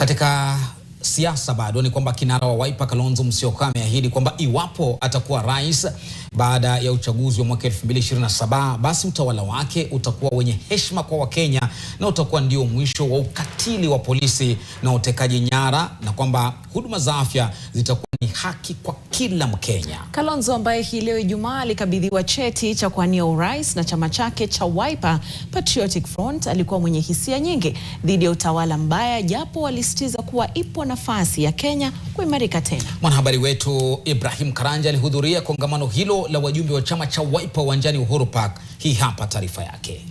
Katika siasa bado ni kwamba kinara wa Wiper Kalonzo Musyoka ameahidi kwamba iwapo atakuwa rais baada ya uchaguzi wa mwaka 2027 basi utawala wake utakuwa wenye heshima kwa Wakenya na utakuwa ndio mwisho wa ukatili wa polisi na utekaji nyara na kwamba huduma za afya zitakuwa ni haki kwa kila Mkenya. Kalonzo ambaye hii leo Ijumaa alikabidhiwa cheti cha kuwania urais na chama chake cha Wiper Patriotic Front alikuwa mwenye hisia nyingi dhidi ya utawala mbaya, japo alisitiza kuwa ipo nafasi ya Kenya kuimarika tena. Mwanahabari wetu Ibrahim Karanja alihudhuria kongamano hilo la wajumbe wa chama cha Wiper uwanjani Uhuru Park. Hii hapa taarifa yake.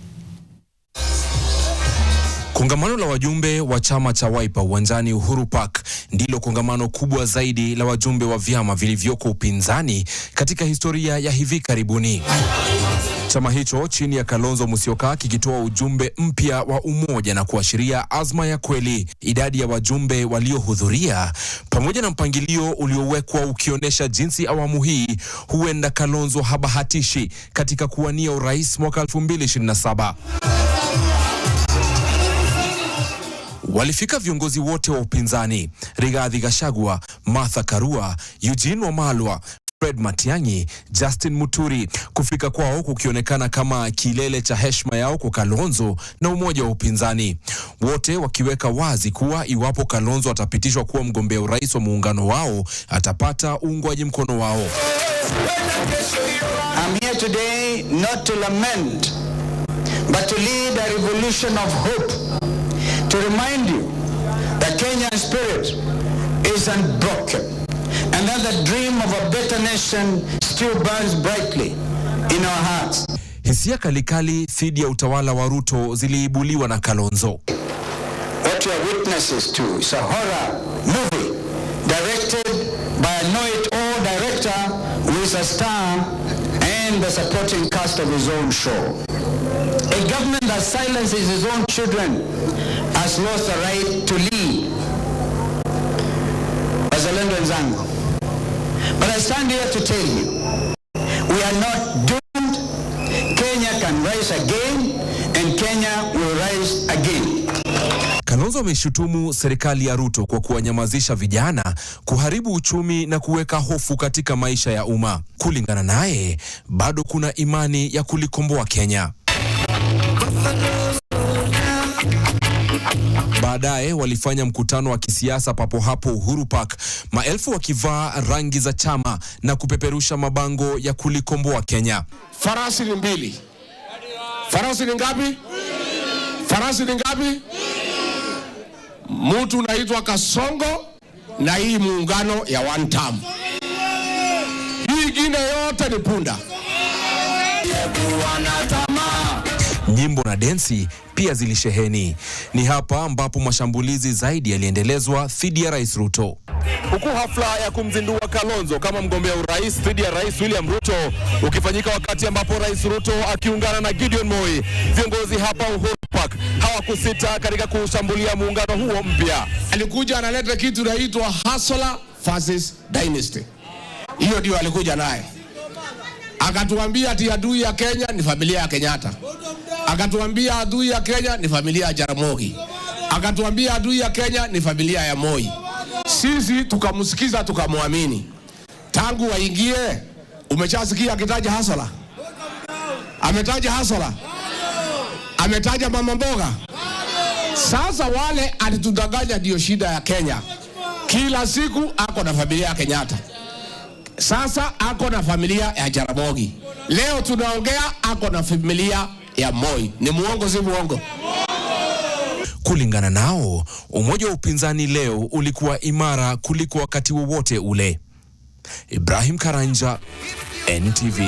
Kongamano la wajumbe wa chama cha Wiper uwanjani Uhuru Park ndilo kongamano kubwa zaidi la wajumbe wa vyama vilivyoko upinzani katika historia ya hivi karibuni. Chama hicho chini ya Kalonzo Musyoka kikitoa ujumbe mpya wa umoja na kuashiria azma ya kweli, idadi ya wajumbe waliohudhuria pamoja na mpangilio uliowekwa ukionyesha jinsi awamu hii huenda Kalonzo habahatishi katika kuwania urais mwaka 2027. walifika viongozi wote wa upinzani Rigathi Gachagua, Martha Karua, Eugene Wamalwa, Fred Matiang'i, Justin Muturi. Kufika kwao kukionekana kama kilele cha heshima yao kwa Kalonzo na umoja wa upinzani, wote wakiweka wazi kuwa iwapo Kalonzo atapitishwa kuwa mgombea urais wa muungano wao atapata uungwaji mkono wao. I'm here today not to lament, but to lead a revolution of hope to remind you that Kenyan spirit is unbroken and that the dream of a better nation still burns brightly in our hearts. Hisia kalikali dhidi ya utawala wa Ruto ziliibuliwa na Kalonzo. What you are witnesses to is a horror movie directed by a know-it-all director who is a star and the supporting cast of his own show. A government that silences its own children has lost the right to lead. Wazalendo wenzangu, but I stand here to tell you we are not doomed. Kenya can rise again and Kenya will rise again. Kalonzo ameshutumu serikali ya Ruto kwa kuwanyamazisha vijana, kuharibu uchumi na kuweka hofu katika maisha ya umma. Kulingana naye, bado kuna imani ya kulikomboa Kenya. Baadaye walifanya mkutano wa kisiasa papo hapo Uhuru Park, maelfu wakivaa rangi za chama na kupeperusha mabango ya kulikomboa Kenya. Farasi ni mbili. Farasi ni ngapi? Farasi ni ngapi? Mtu unaitwa Kasongo na hii muungano ya one term. Hii ingine yote ni punda nyimbo na densi pia zilisheheni. Ni hapa ambapo mashambulizi zaidi yaliendelezwa dhidi ya Rais Ruto, huku hafla ya kumzindua Kalonzo kama mgombea urais dhidi ya Rais William Ruto ukifanyika wakati ambapo Rais Ruto akiungana na Gideon Moi. Viongozi hapa Uhuru Park hawakusita katika kushambulia muungano huo mpya. Alikuja analeta kitu naitwa Hasola versus Dynasty, hiyo ndio alikuja naye, akatuambia ati adui ya Kenya ni familia ya Kenyatta akatuambia adui ya Kenya ni familia ya Jaramogi, akatuambia adui ya Kenya ni familia ya Moi. Sisi tukamsikiza tukamwamini. Tangu waingie, umeshasikia akitaja Hasala, ametaja Hasala, ametaja mama mboga. Sasa wale alitudanganya, ndio shida ya Kenya. Kila siku ako na familia ya Kenyatta, sasa ako na familia ya Jaramogi, leo tunaongea ako na familia ya Moi. Ni muongo, si muongo? Kulingana nao, umoja wa upinzani leo ulikuwa imara kuliko wakati wowote ule. Ibrahim Karanja, NTV.